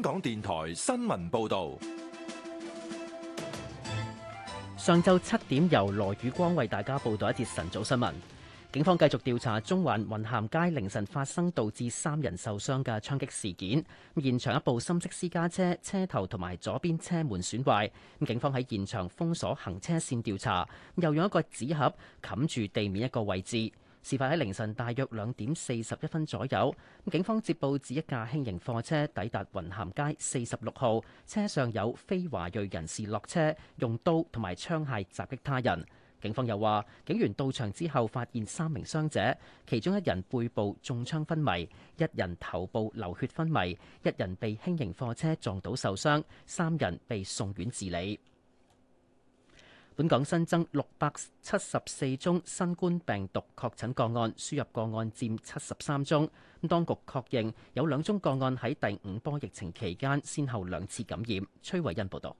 香港電台新聞報道：上晝七點，由羅宇光為大家報道一節晨早新聞。警方繼續調查中環雲咸街凌晨發生導致三人受傷嘅槍擊事件。咁現場一部深色私家車車頭同埋左邊車門損壞。警方喺現場封鎖行車線調查，又用一個紙盒冚住地面一個位置。事發喺凌晨大約兩點四十一分左右，警方接報指一架輕型貨車抵達雲咸街四十六號，車上有非華裔人士落車，用刀同埋槍械襲擊他人。警方又話，警員到場之後發現三名傷者，其中一人背部中槍昏迷，一人頭部流血昏迷，一人被輕型貨車撞到受傷，三人被送院治理。本港新增六百七十四宗新冠病毒確診個案，輸入個案佔七十三宗。當局確認有兩宗個案喺第五波疫情期間先後兩次感染。崔慧恩報道。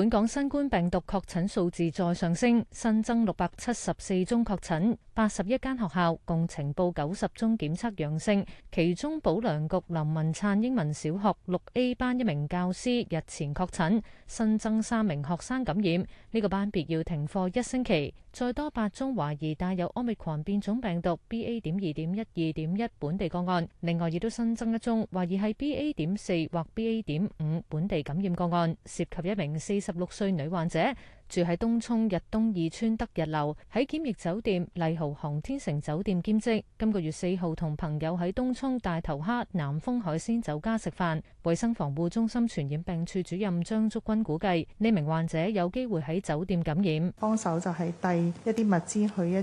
本港新冠病毒確診數字再上升，新增六百七十四宗確診，八十一間學校共呈報九十宗檢測陽性，其中保良局林文燦英文小學六 A 班一名教師日前確診，新增三名學生感染，呢、這個班別要停課一星期。再多八宗懷疑帶有奧密克戎變種病毒 BA. 點二點一二點一本地個案，另外亦都新增一宗懷疑係 BA. 點四或 BA. 點五本地感染個案，涉及一名四十六歲女患者。住喺東涌日東二村德日樓，喺檢疫酒店麗豪航天城酒店兼職。今個月四號同朋友喺東涌大頭蝦南豐海鮮酒家食飯。衛生防護中心傳染病處主任張竹君估計，呢名患者有機會喺酒店感染。幫手就係遞一啲物資去一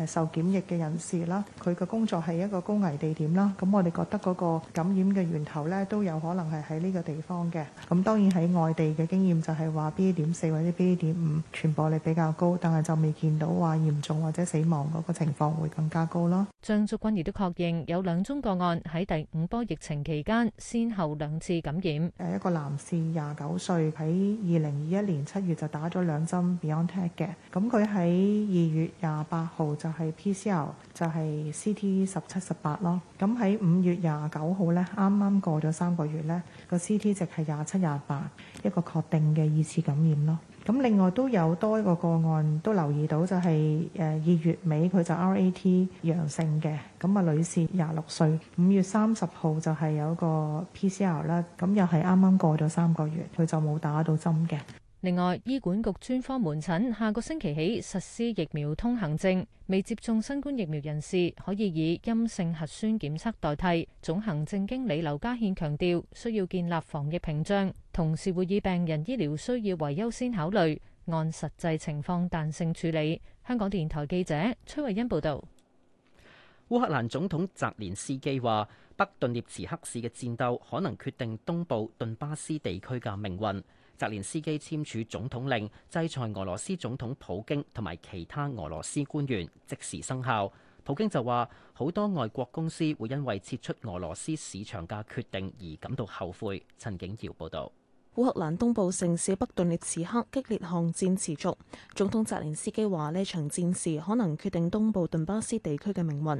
啲受檢疫嘅人士啦。佢嘅工作係一個高危地點啦。咁我哋覺得嗰個感染嘅源頭呢，都有可能係喺呢個地方嘅。咁當然喺外地嘅經驗就係話 B A 點四或者 B A 點五。傳播率比較高，但係就未見到話嚴重或者死亡嗰個情況會更加高咯。張竹君亦都確認有兩宗個案喺第五波疫情期間，先後兩次感染。誒一個男士廿九歲，喺二零二一年七月就打咗兩針 BioNTech 嘅。咁佢喺二月廿八號就係 PCR 就係 C T 十七十八咯。咁喺五月廿九號呢，啱啱過咗三個月呢，個 C T 值係廿七廿八，一個確定嘅二次感染咯。咁另外都有多一個個案都留意到，就係誒二月尾佢就 RAT 陽性嘅，咁啊女士廿六歲，五月三十號就係有個 PCR 啦，咁又係啱啱過咗三個月，佢就冇打到針嘅。另外，醫管局專科門診下個星期起實施疫苗通行證，未接種新冠疫苗人士可以以陰性核酸檢測代替。總行政經理劉家憲強調，需要建立防疫屏障，同時會以病人醫療需要為優先考慮，按實際情況彈性處理。香港電台記者崔慧欣報道。烏克蘭總統澤連斯基話：北頓涅茨克市嘅戰鬥可能決定東部頓巴斯地區嘅命運。澤連斯基簽署總統令，制裁俄羅斯總統普京同埋其他俄羅斯官員即時生效。普京就話：好多外國公司會因為撤出俄羅斯市場嘅決定而感到後悔。陳景瑤報道。烏克蘭東部城市北頓涅茨克激烈巷戰持續。總統澤連斯基話，呢場戰事可能決定東部頓巴斯地區嘅命運。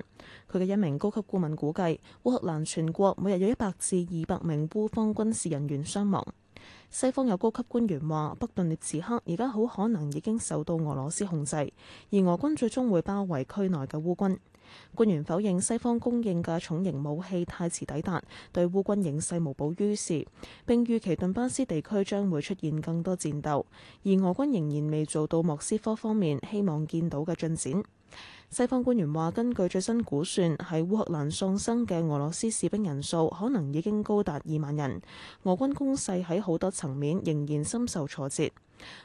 佢嘅一名高級顧問估計，烏克蘭全國每日有一百至二百名烏方軍事人員傷亡。西方有高級官員話，北頓涅茨克而家好可能已經受到俄羅斯控制，而俄軍最終會包圍區內嘅烏軍。官員否認西方供應嘅重型武器太遲抵達，對烏軍形勢無補於事，並預期頓巴斯地區將會出現更多戰鬥，而俄軍仍然未做到莫斯科方面希望見到嘅進展。西方官員話，根據最新估算，喺烏克蘭喪生嘅俄羅斯士兵人數可能已經高達二萬人。俄軍攻勢喺好多層面仍然深受挫折，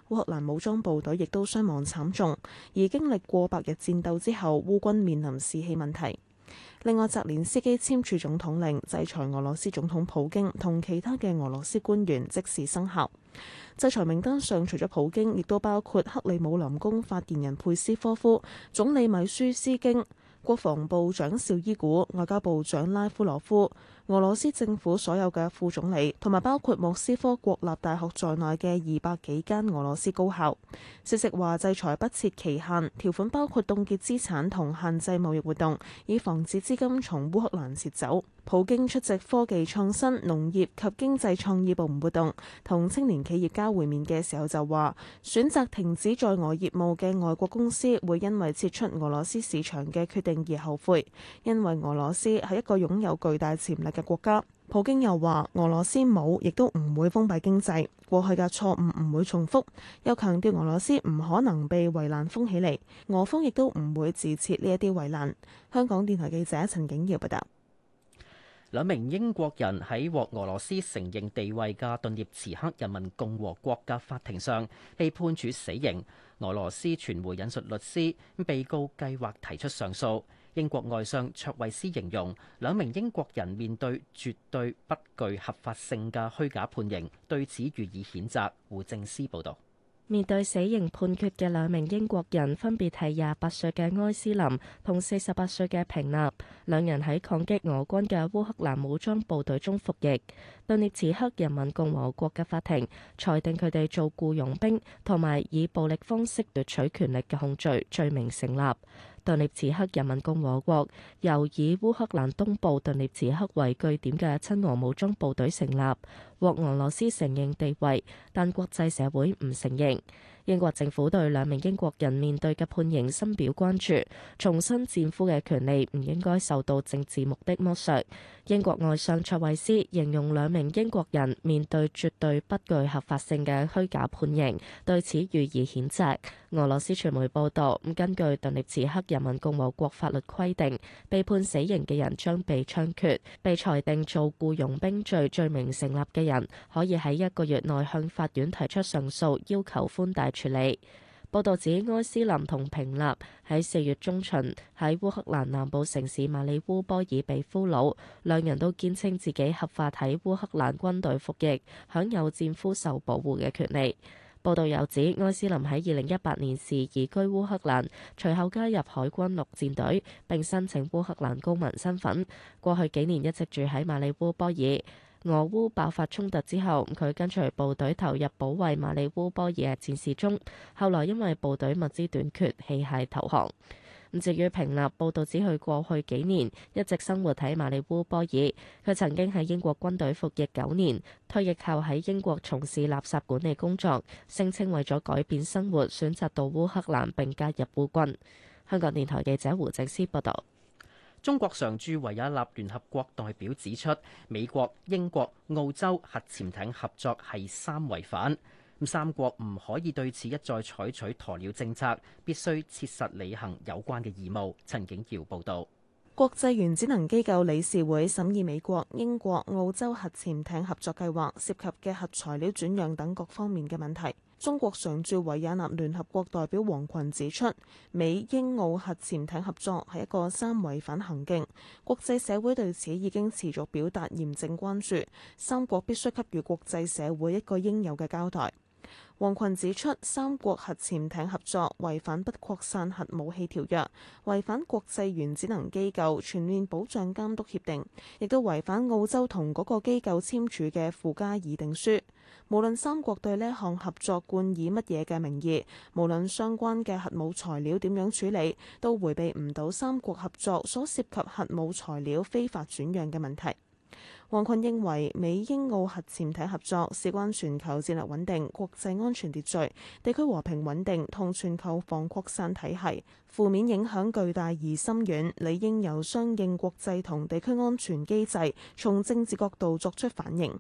烏克蘭武裝部隊亦都傷亡慘重。而經歷過百日戰鬥之後，烏軍面臨士氣問題。另外，澤連斯基簽署總統令，制裁俄羅斯總統普京同其他嘅俄羅斯官員，即時生效。制裁名單上除咗普京，亦都包括克里姆林宮發言人佩斯科夫、總理米舒斯京。國防部長紹伊古、外交部長拉夫羅夫、俄羅斯政府所有嘅副總理，同埋包括莫斯科國立大學在內嘅二百幾間俄羅斯高校。消息話，制裁不設期限，條款包括凍結資產同限制貿易活動，以防止資金從烏克蘭撤走。普京出席科技創新、農業及經濟創意部門活動，同青年企業家會面嘅時候就話：選擇停止在俄業務嘅外國公司會因為撤出俄羅斯市場嘅決定而後悔，因為俄羅斯係一個擁有巨大潛力嘅國家。普京又話：俄羅斯冇亦都唔會封閉經濟，過去嘅錯誤唔會重複，又強調俄羅斯唔可能被圍欄封起嚟，俄方亦都唔會自設呢一啲圍欄。香港電台記者陳景堯報道。兩名英國人喺獲俄羅斯承認地位嘅頓涅茨克人民共和國嘅法庭上被判處死刑。俄羅斯傳媒引述律師，被告計劃提出上訴。英國外相卓慧思形容，兩名英國人面對絕對不具合法性嘅虛假判刑，對此予以譴責。胡政司報導。面對死刑判決嘅兩名英國人，分別係廿八歲嘅埃斯林同四十八歲嘅平納，兩人喺抗擊俄軍嘅烏克蘭武裝部隊中服役。頓涅茨克人民共和國嘅法庭裁定佢哋做僱傭兵同埋以，以暴力方式奪取權力嘅控罪罪名成立。頓涅茨克人民共和國由以烏克蘭東部頓涅茨克為據點嘅親俄武裝部隊成立，獲俄羅斯承認地位，但國際社會唔承認。英國政府對兩名英國人面對嘅判刑深表關注，重申戰俘嘅權利唔應該受到政治目的剝削。英國外相卓慧斯形容兩名英國人面對絕對不具合法性嘅虛假判刑，對此予以譴責。俄羅斯傳媒報道，根據頓涅茨克人民共和國法律規定，被判死刑嘅人將被槍決；被裁定做僱傭兵罪罪名成立嘅人，可以喺一個月內向法院提出上訴，要求寬大。處理報道指，埃斯林同平立喺四月中旬喺烏克蘭南部城市馬里烏波爾被俘虜，兩人都堅稱自己合法喺烏克蘭軍隊服役，享有戰俘受保護嘅權利。報道又指，埃斯林喺二零一八年時移居烏克蘭，隨後加入海軍陸戰隊，並申請烏克蘭公民身份。過去幾年一直住喺馬里烏波爾。俄烏爆發衝突之後，佢跟隨部隊投入保衛馬里烏波爾戰事中，後來因為部隊物資短缺，棄械投降。咁至於平立報道，指佢過去幾年一直生活喺馬里烏波爾，佢曾經喺英國軍隊服役九年，退役後喺英國從事垃圾管理工作，聲稱為咗改變生活，選擇到烏克蘭並加入烏軍。香港電台記者胡正思報道。中國常駐維也納聯合國代表指出，美國、英國、澳洲核潛艇合作係三違反，三國唔可以對此一再採取鴕鳥政策，必須切實履行有關嘅義務。陳景堯報道，國際原子能機構理事會審議美國、英國、澳洲核潛艇合作計劃涉及嘅核材料轉讓等各方面嘅問題。中國常駐維也納聯合國代表王群指出，美英澳核潛艇合作係一個三違反行徑，國際社會對此已經持續表達嚴正關注，三國必須給予國際社會一個應有嘅交代。王群指出，三國核潛艇合作違反不擴散核武器條約，違反國際原子能機構全面保障監督協定，亦都違反澳洲同嗰個機構簽署嘅附加議定書。無論三國對呢項合作冠以乜嘢嘅名義，無論相關嘅核武材料點樣處理，都迴避唔到三國合作所涉及核武材料非法轉讓嘅問題。王群認為美，美英澳核潛艇合作事關全球戰略穩定、國際安全秩序、地區和平穩定同全球防擴散體系，負面影響巨大而深遠，理應由相應國際同地區安全機制從政治角度作出反應。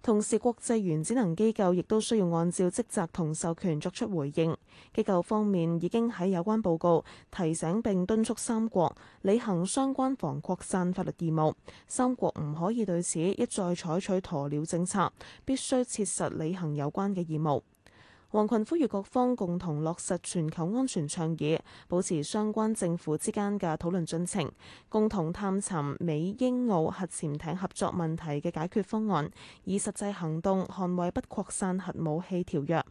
同時，國際原子能機構亦都需要按照職責同授權作出回應。機構方面已經喺有關報告提醒並敦促三國履行相關防擴散法律義務，三國唔可以對此一再採取鴕鳥政策，必須切實履行有關嘅義務。王群呼籲各方共同落實全球安全倡議，保持相關政府之間嘅討論進程，共同探尋美英澳核潛艇合作問題嘅解決方案，以實際行動捍衛不擴散核武器條約，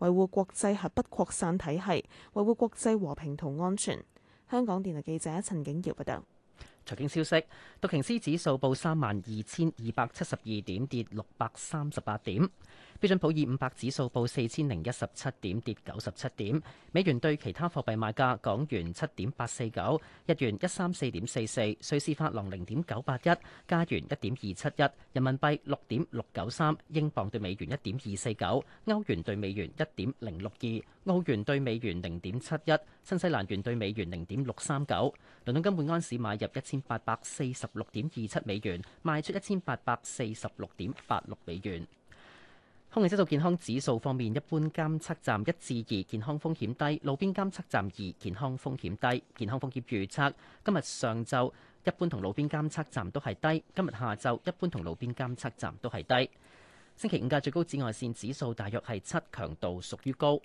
維護國際核不擴散體系，維護國際和平同安全。香港電台記者陳景瑤報道。財經消息：道瓊斯指數報三萬二千二百七十二點，跌六百三十八點。標準普爾五百指數報四千零一十七點，跌九十七點。美元對其他貨幣買價：港元七點八四九，日元一三四點四四，瑞士法郎零點九八一，加元一點二七一，人民幣六點六九三，英鎊對美元一點二四九，歐元對美元一點零六二，澳元對美元零點七一，新西蘭元對美元零點六三九。倫敦金每安士買入一千八百四十六點二七美元，賣出一千八百四十六點八六美元。空氣質素健康指數方面，一般監測站一至二，健康風險低；路邊監測站二，健康風險低。健康風險預測：今日上晝一般同路邊監測站都係低；今日下晝一般同路邊監測站都係低。星期五嘅最高紫外線指數大約係七，強度屬於高。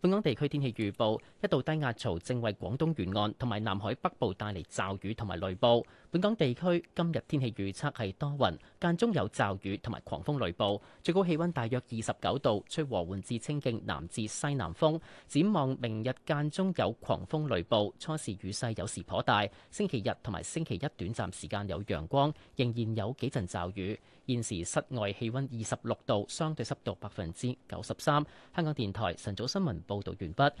本港地區天氣預報，一道低壓槽正為廣東沿岸同埋南海北部帶嚟驟雨同埋雷暴。本港地區今日天氣預測係多雲，間中有驟雨同埋狂風雷暴，最高氣温大約二十九度，吹和緩至清勁南至西南風，展望明日間中有狂風雷暴，初時雨勢有時頗大。星期日同埋星期一短暫時間有陽光，仍然有幾陣驟雨。現時室外氣温二十六度，相對濕度百分之九十三。香港電台晨早新聞。報道完畢。